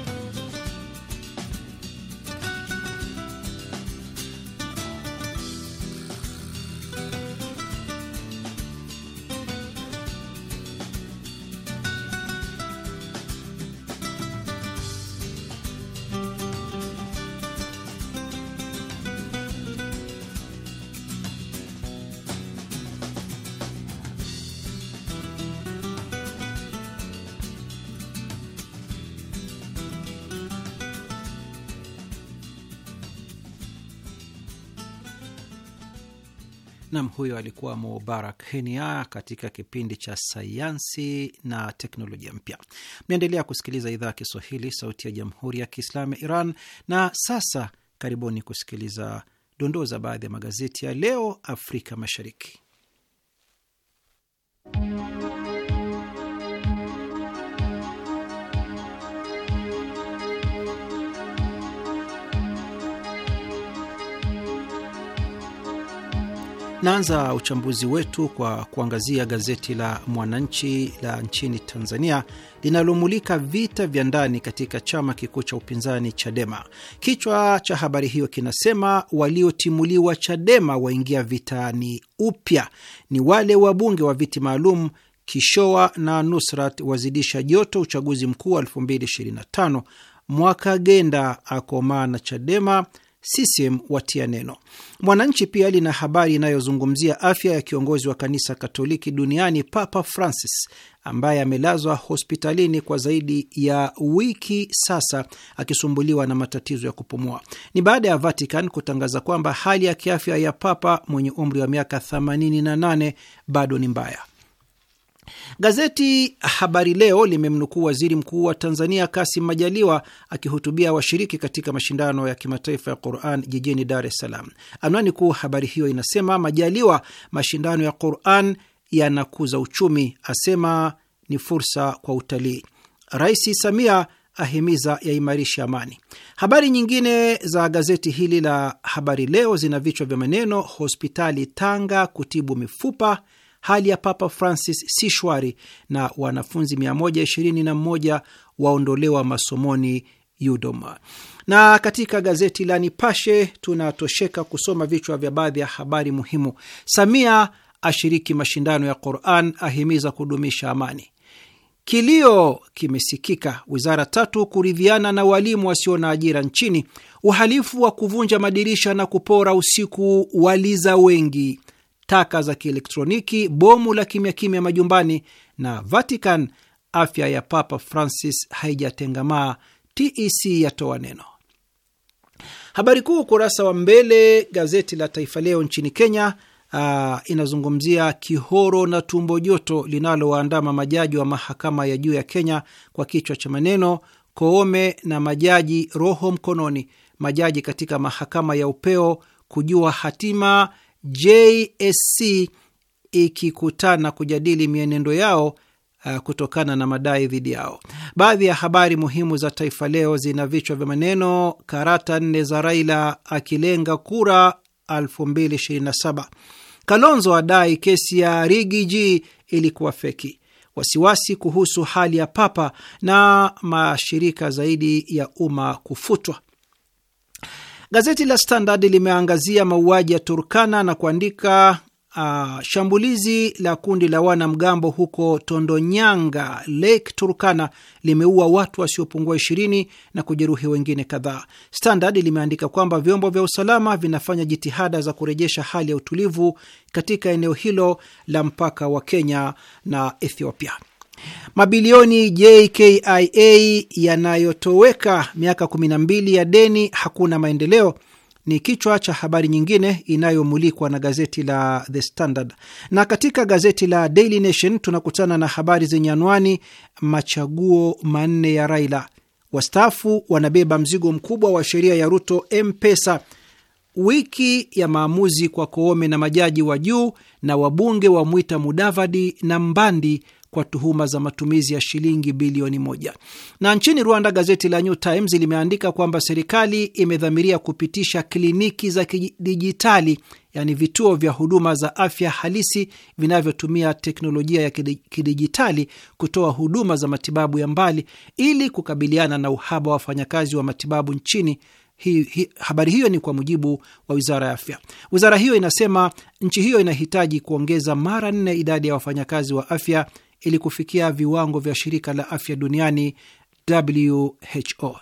huyo alikuwa Mubarak Henia katika kipindi cha sayansi na teknolojia mpya. Mnaendelea kusikiliza idhaa ya Kiswahili, sauti ya jamhuri ya kiislamu ya Iran. Na sasa karibuni kusikiliza dondoo za baadhi ya magazeti ya leo Afrika Mashariki. Naanza uchambuzi wetu kwa kuangazia gazeti la Mwananchi la nchini Tanzania linalomulika vita vya ndani katika chama kikuu cha upinzani Chadema. Kichwa cha habari hiyo kinasema waliotimuliwa Chadema waingia vitani upya, ni wale wabunge wa viti maalum Kishoa na Nusrat wazidisha joto uchaguzi mkuu wa 2025 mwaka genda akomaa na Chadema CCM watia neno. Mwananchi pia lina habari inayozungumzia afya ya kiongozi wa kanisa Katoliki duniani Papa Francis ambaye amelazwa hospitalini kwa zaidi ya wiki sasa akisumbuliwa na matatizo ya kupumua. Ni baada ya Vatican kutangaza kwamba hali ya kiafya ya Papa mwenye umri wa miaka 88 bado ni mbaya. Gazeti Habari Leo limemnukuu waziri mkuu wa Tanzania Kasim Majaliwa akihutubia washiriki katika mashindano ya kimataifa ya Quran jijini Dar es Salaam. Anwani kuu habari hiyo inasema, Majaliwa, mashindano ya Quran yanakuza uchumi, asema ni fursa kwa utalii. Rais Samia ahimiza yaimarishe amani. Habari nyingine za gazeti hili la Habari Leo zina vichwa vya maneno: hospitali Tanga kutibu mifupa hali ya Papa Francis si shwari na wanafunzi 121 waondolewa masomoni Udoma. Na katika gazeti la Nipashe tunatosheka kusoma vichwa vya baadhi ya habari muhimu. Samia ashiriki mashindano ya Quran, ahimiza kudumisha amani. Kilio kimesikika wizara tatu kuridhiana na walimu wasio na ajira nchini. Uhalifu wa kuvunja madirisha na kupora usiku waliza wengi taka za kielektroniki, bomu la kimya kimya majumbani, na Vatican, afya ya Papa Francis haijatengamaa, TEC yatoa neno. Habari kuu ukurasa wa mbele gazeti la Taifa Leo nchini Kenya. Uh, inazungumzia kihoro na tumbo joto linalowaandama majaji wa mahakama ya juu ya Kenya kwa kichwa cha maneno Koome na majaji roho mkononi, majaji katika mahakama ya upeo kujua hatima JSC ikikutana kujadili mienendo yao uh, kutokana na madai dhidi yao. Baadhi ya habari muhimu za Taifa Leo zina vichwa vya maneno: karata nne za Raila akilenga kura 2027, Kalonzo adai kesi ya Rigiji ilikuwa feki, wasiwasi kuhusu hali ya Papa na mashirika zaidi ya umma kufutwa. Gazeti la Standard limeangazia mauaji ya Turkana na kuandika uh, shambulizi la kundi la wanamgambo huko Tondonyanga, Lake Turkana limeua watu wasiopungua ishirini na kujeruhi wengine kadhaa. Standard limeandika kwamba vyombo vya usalama vinafanya jitihada za kurejesha hali ya utulivu katika eneo hilo la mpaka wa Kenya na Ethiopia. Mabilioni JKIA yanayotoweka, miaka 12 ya deni, hakuna maendeleo ni kichwa cha habari nyingine inayomulikwa na gazeti la The Standard. Na katika gazeti la Daily Nation tunakutana na habari zenye anwani machaguo manne ya Raila, wastaafu wanabeba mzigo mkubwa wa sheria ya Ruto, mpesa wiki ya maamuzi kwa Koome na majaji wa juu, na wabunge wa mwita Mudavadi na Mbandi kwa tuhuma za matumizi ya shilingi bilioni moja. Na nchini Rwanda, gazeti la New Times limeandika kwamba serikali imedhamiria kupitisha kliniki za kidijitali, yani vituo vya huduma za afya halisi vinavyotumia teknolojia ya kidijitali kutoa huduma za matibabu ya mbali ili kukabiliana na uhaba wa wafanyakazi wa matibabu nchini. Hi, hi, habari hiyo ni kwa mujibu wa wizara ya afya. Wizara hiyo inasema nchi hiyo inahitaji kuongeza mara nne idadi ya wafanyakazi wa afya ili kufikia viwango vya shirika la afya duniani WHO.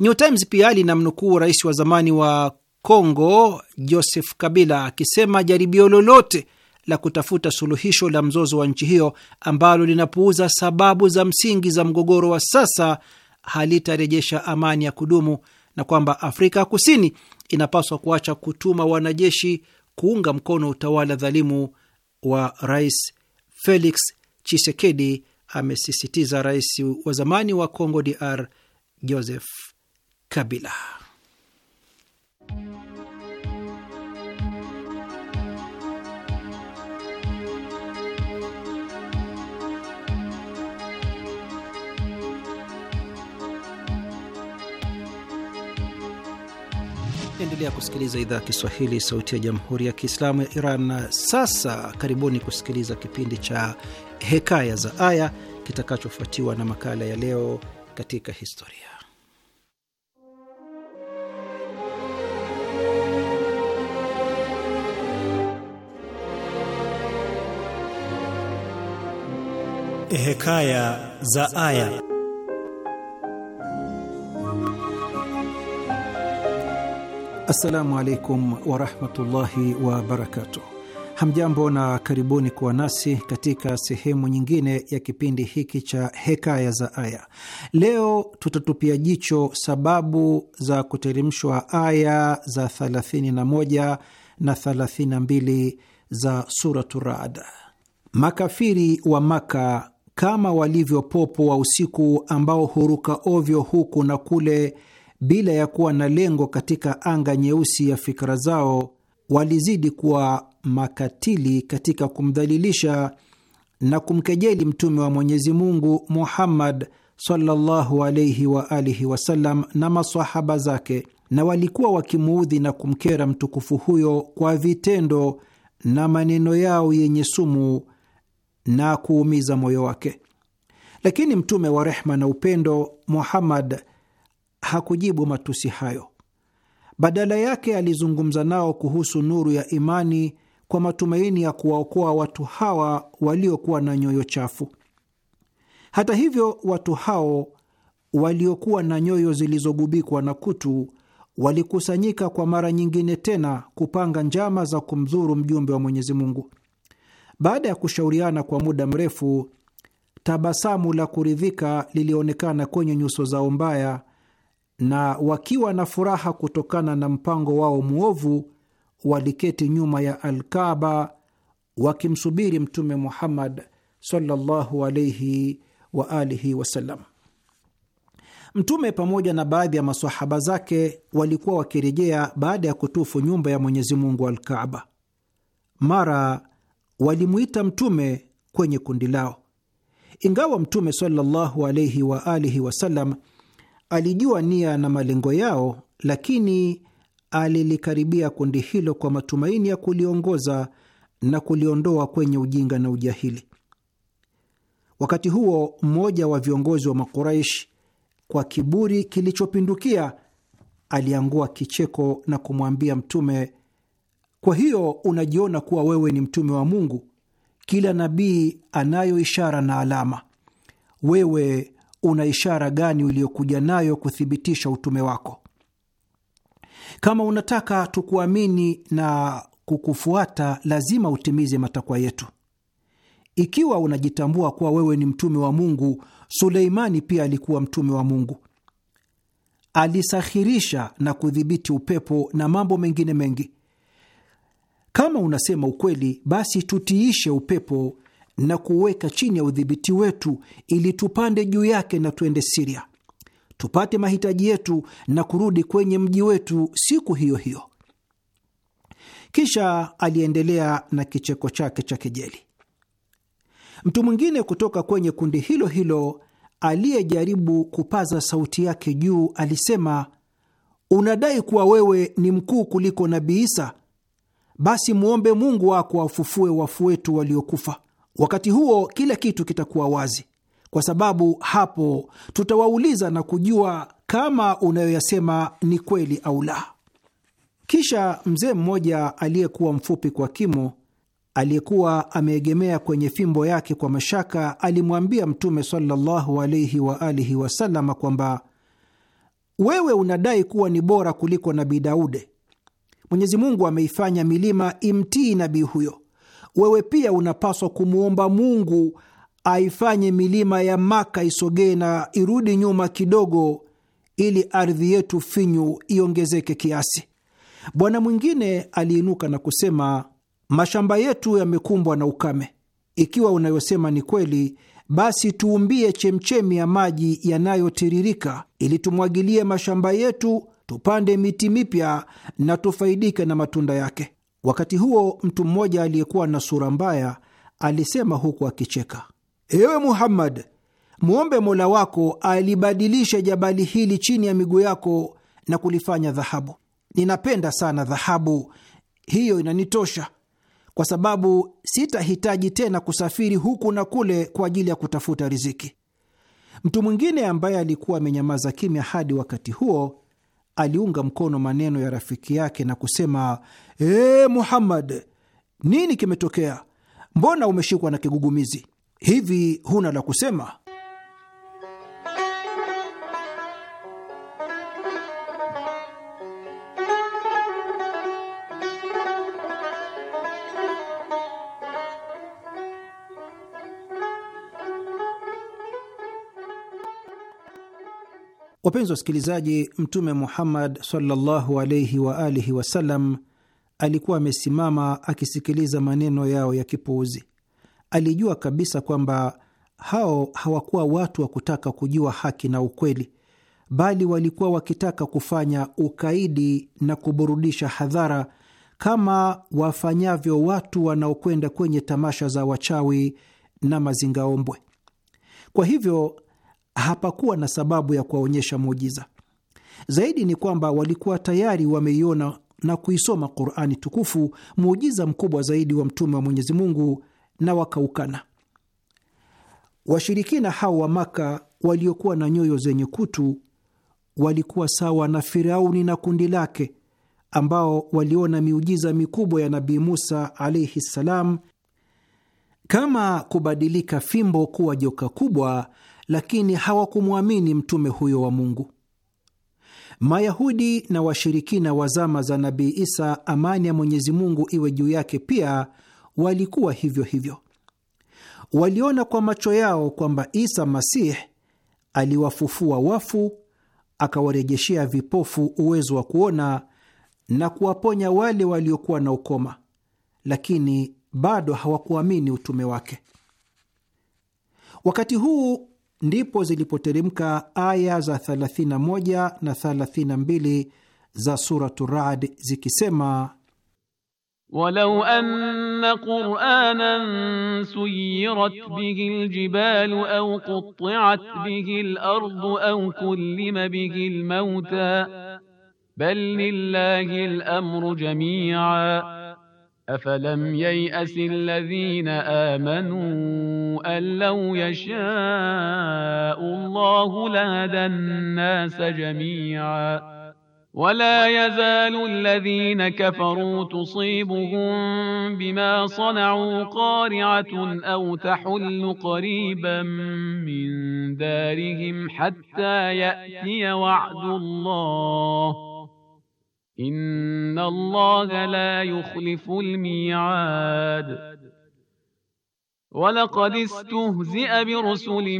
New Times pia linamnukuu rais wa zamani wa Kongo Joseph Kabila akisema jaribio lolote la kutafuta suluhisho la mzozo wa nchi hiyo ambalo linapuuza sababu za msingi za mgogoro wa sasa halitarejesha amani ya kudumu na kwamba Afrika Kusini inapaswa kuacha kutuma wanajeshi kuunga mkono utawala dhalimu wa Rais Felix Chisekedi amesisitiza rais wa zamani wa Congo DR Joseph Kabila. Endelea kusikiliza idhaa ya Kiswahili, sauti ya jamhuri ya kiislamu ya Iran. Na sasa karibuni kusikiliza kipindi cha Hekaya za Aya kitakachofuatiwa na makala ya Leo katika Historia. Hekaya za Aya. Assalamu alaikum warahmatullahi wabarakatuh. Hamjambo na karibuni kuwa nasi katika sehemu nyingine ya kipindi hiki cha Hekaya za Aya. Leo tutatupia jicho sababu za kuteremshwa aya za 31 na 32 za Suratu Raad. Makafiri wa Maka kama walivyo popo wa usiku ambao huruka ovyo huku na kule bila ya kuwa na lengo katika anga nyeusi ya fikra zao, walizidi kuwa makatili katika kumdhalilisha na kumkejeli mtume wa Mwenyezi Mungu Muhammad sallallahu alayhi wa alihi wasallam na masahaba zake, na walikuwa wakimuudhi na kumkera mtukufu huyo kwa vitendo na maneno yao yenye sumu na kuumiza moyo wake. Lakini mtume wa rehma na upendo Muhammad hakujibu matusi hayo. Badala yake alizungumza nao kuhusu nuru ya imani kwa matumaini ya kuwaokoa watu hawa waliokuwa na nyoyo chafu. Hata hivyo, watu hao waliokuwa na nyoyo zilizogubikwa na kutu walikusanyika kwa mara nyingine tena kupanga njama za kumdhuru mjumbe wa Mwenyezi Mungu. Baada ya kushauriana kwa muda mrefu, tabasamu la kuridhika lilionekana kwenye nyuso zao mbaya na wakiwa na furaha kutokana na mpango wao mwovu, waliketi nyuma ya Alkaba wakimsubiri Mtume Muhammad sallallahu alaihi wa alihi wasallam. Mtume pamoja na baadhi ya masahaba zake walikuwa wakirejea baada ya kutufu nyumba ya Mwenyezi Mungu Alkaaba. Mara walimwita Mtume kwenye kundi lao, ingawa Mtume sallallahu alaihi wa alihi wasallam Alijua nia na malengo yao, lakini alilikaribia kundi hilo kwa matumaini ya kuliongoza na kuliondoa kwenye ujinga na ujahili. Wakati huo mmoja wa viongozi wa Makuraish, kwa kiburi kilichopindukia, aliangua kicheko na kumwambia Mtume, kwa hiyo unajiona kuwa wewe ni mtume wa Mungu? Kila nabii anayo ishara na alama, wewe una ishara gani uliyokuja nayo kuthibitisha utume wako? Kama unataka tukuamini na kukufuata, lazima utimize matakwa yetu. Ikiwa unajitambua kuwa wewe ni mtume wa Mungu, Suleimani pia alikuwa mtume wa Mungu, alisahirisha na kudhibiti upepo na mambo mengine mengi. Kama unasema ukweli, basi tutiishe upepo na kuweka chini ya udhibiti wetu ili tupande juu yake na tuende Siria tupate mahitaji yetu na kurudi kwenye mji wetu siku hiyo hiyo. Kisha aliendelea na kicheko chake cha kejeli. Mtu mwingine kutoka kwenye kundi hilo hilo aliyejaribu kupaza sauti yake juu alisema, unadai kuwa wewe ni mkuu kuliko Nabii Isa? Basi mwombe Mungu wako afufue wafu wetu waliokufa. Wakati huo kila kitu kitakuwa wazi, kwa sababu hapo tutawauliza na kujua kama unayoyasema ni kweli au la. Kisha mzee mmoja aliyekuwa mfupi kwa kimo, aliyekuwa ameegemea kwenye fimbo yake kwa mashaka, alimwambia Mtume sallallahu alaihi wa alihi kwamba wewe unadai kuwa ni bora kuliko Nabii Daude. Mwenyezi Mungu ameifanya milima imtii nabii huyo wewe pia unapaswa kumwomba Mungu aifanye milima ya Maka isogee na irudi nyuma kidogo, ili ardhi yetu finyu iongezeke kiasi. Bwana mwingine aliinuka na kusema, mashamba yetu yamekumbwa na ukame. Ikiwa unayosema ni kweli, basi tuumbie chemchemi ya maji yanayotiririka, ili tumwagilie mashamba yetu, tupande miti mipya na tufaidike na matunda yake. Wakati huo mtu mmoja aliyekuwa na sura mbaya alisema huku akicheka, ewe Muhammad, mwombe Mola wako alibadilishe jabali hili chini ya miguu yako na kulifanya dhahabu. Ninapenda sana dhahabu, hiyo inanitosha kwa sababu sitahitaji tena kusafiri huku na kule kwa ajili ya kutafuta riziki. Mtu mwingine ambaye alikuwa amenyamaza kimya hadi wakati huo aliunga mkono maneno ya rafiki yake na kusema, Ee Muhammad, nini kimetokea? Mbona umeshikwa na kigugumizi hivi? Huna la kusema? Wapenzi wasikilizaji, Mtume Muhammad sallallahu alaihi wa alihi wasallam alikuwa amesimama akisikiliza maneno yao ya kipuuzi. Alijua kabisa kwamba hao hawakuwa watu wa kutaka kujua haki na ukweli, bali walikuwa wakitaka kufanya ukaidi na kuburudisha hadhara kama wafanyavyo watu wanaokwenda kwenye tamasha za wachawi na mazingaombwe. Kwa hivyo hapakuwa na sababu ya kuwaonyesha muujiza. Zaidi ni kwamba walikuwa tayari wameiona na kuisoma Qurani tukufu, muujiza mkubwa zaidi wa mtume wa Mwenyezi Mungu, na wakaukana. Washirikina hao wa Maka waliokuwa na nyoyo zenye kutu walikuwa sawa na Firauni na kundi lake ambao waliona miujiza mikubwa ya Nabii Musa alaihi ssalam, kama kubadilika fimbo kuwa joka kubwa, lakini hawakumwamini mtume huyo wa Mungu. Mayahudi na washirikina wa zama za Nabii Isa, amani ya Mwenyezi Mungu iwe juu yake, pia walikuwa hivyo hivyo. Waliona kwa macho yao kwamba Isa Masih aliwafufua wafu, akawarejeshea vipofu uwezo wa kuona na kuwaponya wale waliokuwa na ukoma, lakini bado hawakuamini utume wake. Wakati huu ndipo zilipoteremka aya za 31 na 32 za Suratu Rad zikisema: walau anna qur'anan suyirat bihi aljibalu au quti'at bihi alardu au kullima bihi almauta bal lillahi alamru jami'a أفلم ييأس الذين آمنوا أن لو يشاء الله لهدى الناس جميعا ولا يزال الذين كفروا تصيبهم بما صنعوا قارعة أو تحل قريبا من دارهم حتى يأتي وعد الله إن الله لا يخلف الميعاد ولقد استهزئ برسل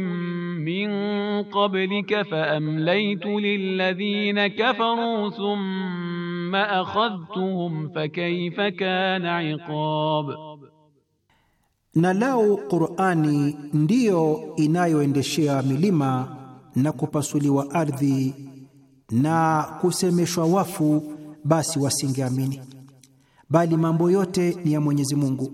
من قبلك فأمليت للذين كفروا ثم أخذتهم فكيف كان عقاب na قرآني Qur'ani ndiyo inayoendeshea milima na kupasuliwa ardhi na kusemeshwa wafu basi wasingeamini. Bali mambo yote ni ya Mwenyezi Mungu.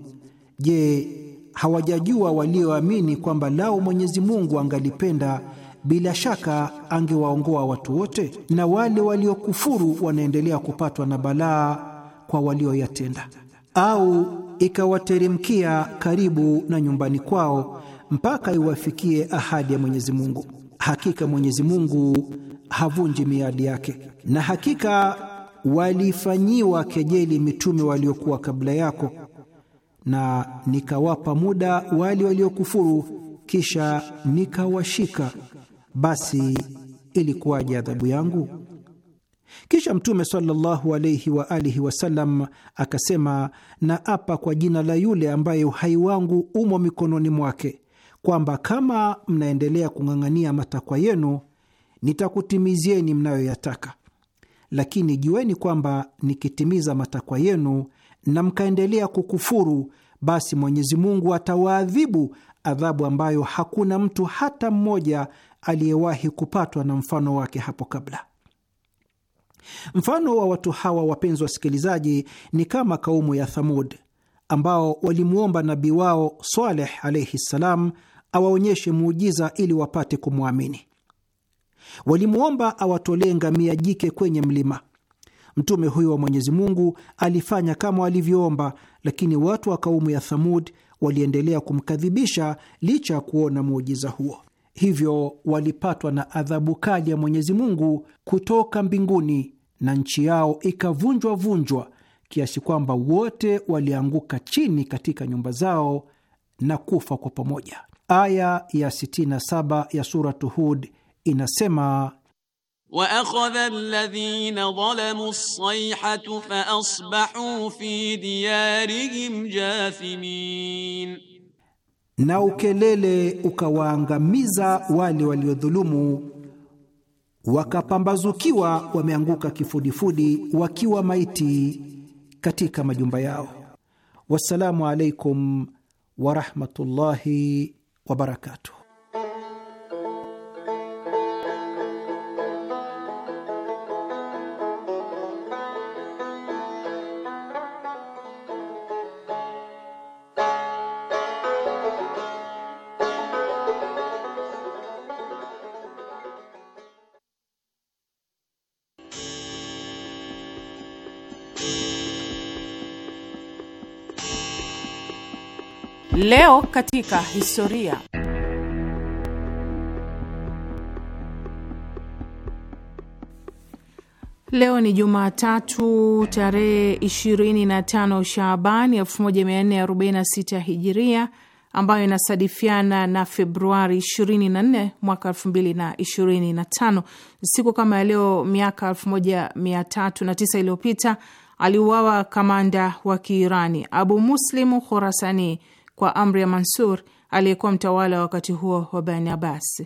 Je, hawajajua walioamini kwamba lao Mwenyezi Mungu angalipenda bila shaka angewaongoa watu wote? Na wale waliokufuru wanaendelea kupatwa na balaa kwa walioyatenda, au ikawateremkia karibu na nyumbani kwao mpaka iwafikie ahadi ya Mwenyezi Mungu. Hakika Mwenyezi Mungu havunji miadi yake, na hakika walifanyiwa kejeli mitume waliokuwa kabla yako, na nikawapa muda wale waliokufuru, kisha nikawashika. Basi ilikuwaje adhabu yangu? Kisha Mtume sallallahu alaihi wa alihi wasallam akasema, na apa kwa jina la yule ambaye uhai wangu umo mikononi mwake, kwamba kama mnaendelea kung'ang'ania matakwa yenu, nitakutimizieni mnayoyataka lakini jueni kwamba nikitimiza matakwa yenu na mkaendelea kukufuru, basi Mwenyezi Mungu atawaadhibu adhabu ambayo hakuna mtu hata mmoja aliyewahi kupatwa na mfano wake hapo kabla. Mfano wa watu hawa, wapenzi wasikilizaji, ni kama kaumu ya Thamud ambao walimwomba nabii wao Saleh alaihi ssalam awaonyeshe muujiza ili wapate kumwamini. Walimwomba awatolee ngamia jike kwenye mlima. Mtume huyo wa Mwenyezi Mungu alifanya kama walivyoomba, lakini watu wa kaumu ya Thamud waliendelea kumkadhibisha licha ya kuona muujiza huo. Hivyo walipatwa na adhabu kali ya Mwenyezi Mungu kutoka mbinguni na nchi yao ikavunjwa vunjwa kiasi kwamba wote walianguka chini katika nyumba zao na kufa kwa pamoja. Aya ya 67 ya Suratu Hud inasema wa akhadha alladhina zalamu as-sayhatu fa asbahu fi diyarihim jathimin, na ukelele ukawaangamiza wale waliodhulumu wakapambazukiwa wameanguka kifudifudi wakiwa maiti katika majumba yao. Wassalamu alaikum warahmatullahi wabarakatuh. Leo katika historia. Leo ni Jumatatu tarehe 25 Shaabani 1446 Hijiria, ambayo inasadifiana na Februari 24 mwaka 2025. Siku kama ya leo miaka 1309 iliyopita aliuawa kamanda wa Kiirani Abu Muslimu Khorasani kwa amri ya Mansur aliyekuwa mtawala wakati huo wa Bani Abbas.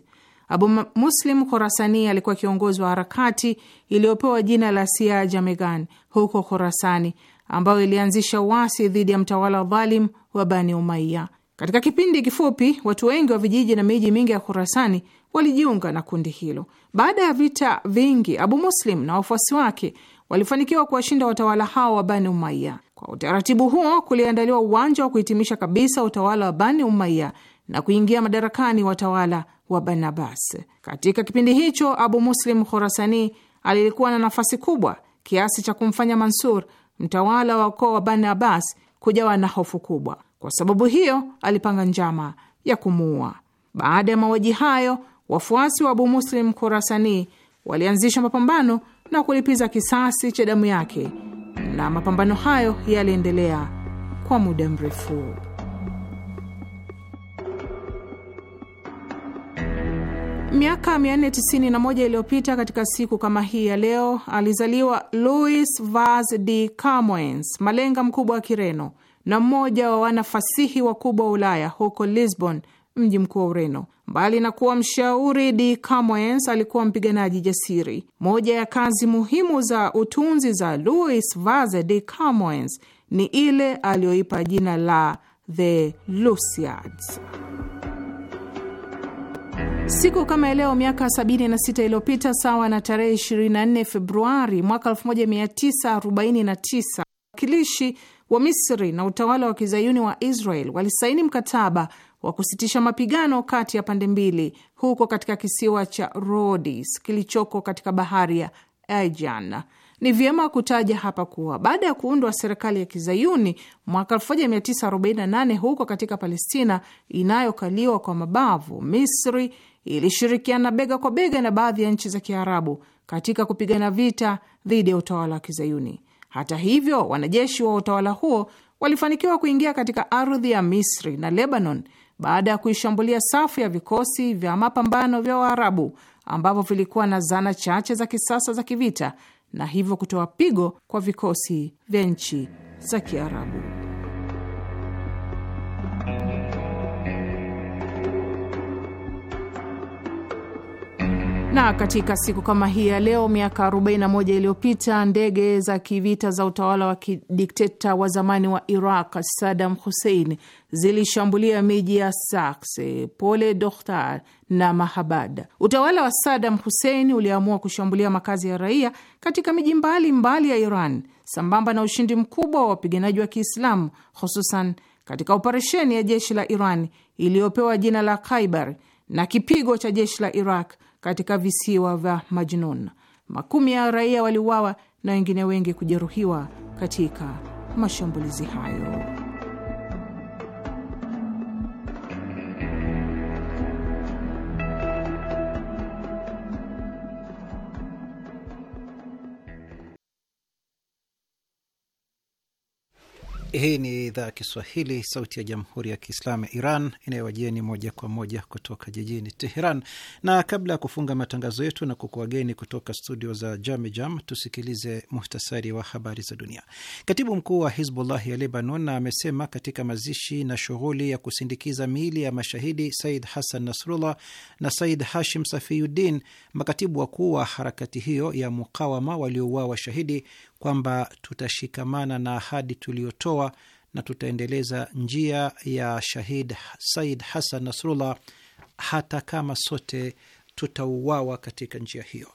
Abu Muslim Khorasani alikuwa kiongozi wa harakati iliyopewa jina la sia jamegan huko Khorasani, ambayo ilianzisha uasi dhidi ya mtawala dhalim wa Bani Umaiya. Katika kipindi kifupi, watu wengi wa vijiji na miji mingi ya Khorasani walijiunga na kundi hilo. Baada ya vita vingi, Abu Muslim na wafuasi wake walifanikiwa kuwashinda watawala hao wa Bani Umaiya. Kwa utaratibu huo kuliandaliwa uwanja wa kuhitimisha kabisa utawala wa Bani Umaya na kuingia madarakani watawala wa Bani Abbas. Katika kipindi hicho, Abu Muslim Khorasani alilikuwa na nafasi kubwa kiasi cha kumfanya Mansur, mtawala wa ukoo wa Bani Abbas, kujawa na hofu kubwa. Kwa sababu hiyo, alipanga njama ya kumuua. Baada ya mauaji hayo, wafuasi wa Abu Muslim Khorasani walianzisha mapambano na kulipiza kisasi cha damu yake na mapambano hayo yaliendelea kwa muda mrefu. Miaka 491 iliyopita katika siku kama hii ya leo alizaliwa louis Vaz de Camoens, malenga mkubwa wa Kireno na mmoja wa wanafasihi wakubwa wa Ulaya huko Lisbon, mji mkuu wa Ureno. Mbali na kuwa mshauri, D Camoens alikuwa mpiganaji jasiri. Moja ya kazi muhimu za utunzi za Louis Vaze de Camoens ni ile aliyoipa jina la The Lusiads. Siku kama leo miaka 76 iliyopita, sawa na tarehe 24 Februari mwaka 1949, wakilishi wa Misri na utawala wa kizayuni wa Israel walisaini mkataba wa kusitisha mapigano kati ya pande mbili huko katika kisiwa cha Rhodes kilichoko katika bahari ya Aegean. Ni vyema kutaja hapa kuwa baada ya kuundwa serikali ya kizayuni mwaka 1948 huko katika Palestina inayokaliwa kwa mabavu, Misri ilishirikiana bega kwa bega na baadhi ya nchi za Kiarabu katika kupigana vita dhidi ya utawala wa kizayuni. Hata hivyo, wanajeshi wa utawala huo walifanikiwa kuingia katika ardhi ya Misri na Lebanon baada ya kuishambulia safu ya vikosi vya mapambano vya Waarabu ambavyo vilikuwa na zana chache za kisasa za kivita na hivyo kutoa pigo kwa vikosi vya nchi za Kiarabu. Na katika siku kama hii ya leo miaka 41 iliyopita ndege za kivita za utawala wa kidikteta wa zamani wa Iraq Saddam Hussein zilishambulia miji ya Sakse, Pole Dokhtar na Mahabad. Utawala wa Saddam Hussein uliamua kushambulia makazi ya raia katika miji mbalimbali mbali ya Iran sambamba na ushindi mkubwa wa wapiganaji wa Kiislamu, hususan katika operesheni ya jeshi la Iran iliyopewa jina la Khaibar na kipigo cha jeshi la Iraq katika visiwa vya Majnun. Makumi ya raia waliuawa na wengine wengi kujeruhiwa katika mashambulizi hayo. Hii ni idhaa ya Kiswahili, sauti ya jamhuri ya kiislamu ya Iran inayowajieni moja kwa moja kutoka jijini Teheran. Na kabla ya kufunga matangazo yetu na kukuageni kutoka studio za Jamejam, tusikilize muhtasari wa habari za dunia. Katibu mkuu wa Hizbullah ya Lebanon amesema katika mazishi na shughuli ya kusindikiza miili ya mashahidi Said Hassan Nasrullah na Said Hashim Safiuddin, makatibu wakuu wa harakati hiyo ya mukawama waliouawa shahidi kwamba tutashikamana na ahadi tuliyotoa na tutaendeleza njia ya shahid Said Hassan Nasrullah hata kama sote tutauawa katika njia hiyo.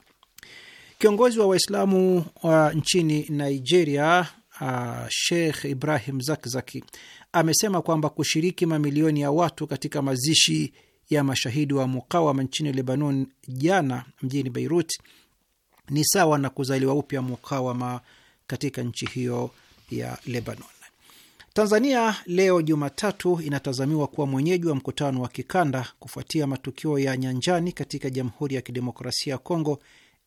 Kiongozi wa Waislamu wa uh, nchini Nigeria Uh, Sheikh Ibrahim Zakzaki amesema kwamba kushiriki mamilioni ya watu katika mazishi ya mashahidi wa mukawama nchini Lebanon jana mjini Beirut ni sawa na kuzaliwa upya mukawama katika nchi hiyo ya Lebanon. Tanzania leo Jumatatu inatazamiwa kuwa mwenyeji wa mkutano wa kikanda kufuatia matukio ya nyanjani katika Jamhuri ya Kidemokrasia ya Kongo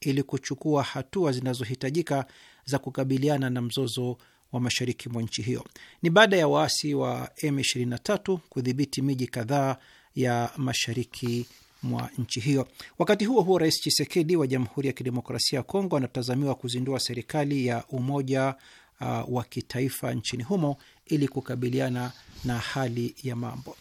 ili kuchukua hatua zinazohitajika za kukabiliana na mzozo wa mashariki mwa nchi hiyo. Ni baada ya waasi wa M23 kudhibiti miji kadhaa ya mashariki mwa nchi hiyo. Wakati huo huo, Rais Chisekedi wa Jamhuri ya Kidemokrasia ya Kongo anatazamiwa kuzindua serikali ya umoja uh, wa kitaifa nchini humo ili kukabiliana na hali ya mambo.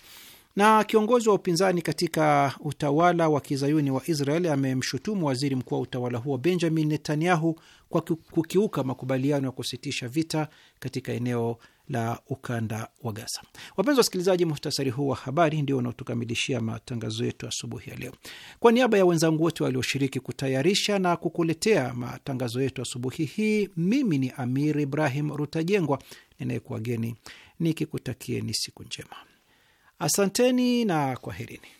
Na kiongozi wa upinzani katika utawala wa kizayuni wa Israel amemshutumu waziri mkuu wa utawala huo Benjamin Netanyahu kwa kukiuka makubaliano ya kusitisha vita katika eneo la ukanda wa Gaza. Wapenzi wasikilizaji, muhtasari huu wa habari ndio unaotukamilishia matangazo yetu asubuhi ya leo. Kwa niaba ya wenzangu wote walioshiriki kutayarisha na kukuletea matangazo yetu asubuhi hii, mimi ni Amir Ibrahim Rutajengwa ninayekuwageni nikikutakieni siku njema. Asanteni na kwaherini.